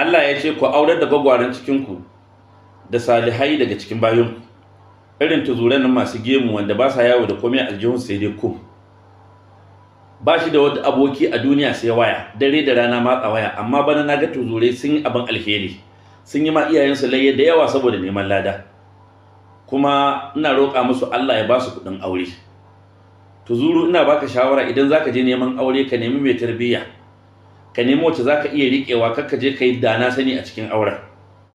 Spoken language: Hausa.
Allah ya ce ku aurar da gwagwaran cikinku da salihai daga cikin bayun. irin nan masu gemu wanda ba sa yawo da komai aljihun sai dai ku ba shi da wata aboki a duniya sai waya dare da rana matsa waya amma bana na ga tuzurai sun yi abin alheri sun yi ma iyayensu layya da yawa saboda neman lada kuma ina roƙa musu Allah ya ba su kuɗin aure tuzuru ina baka shawara idan zaka je neman aure ka nemi mai tarbiyya ka nemo wacce za ka iya riƙewa kar ka je ka yi dana sani a cikin auren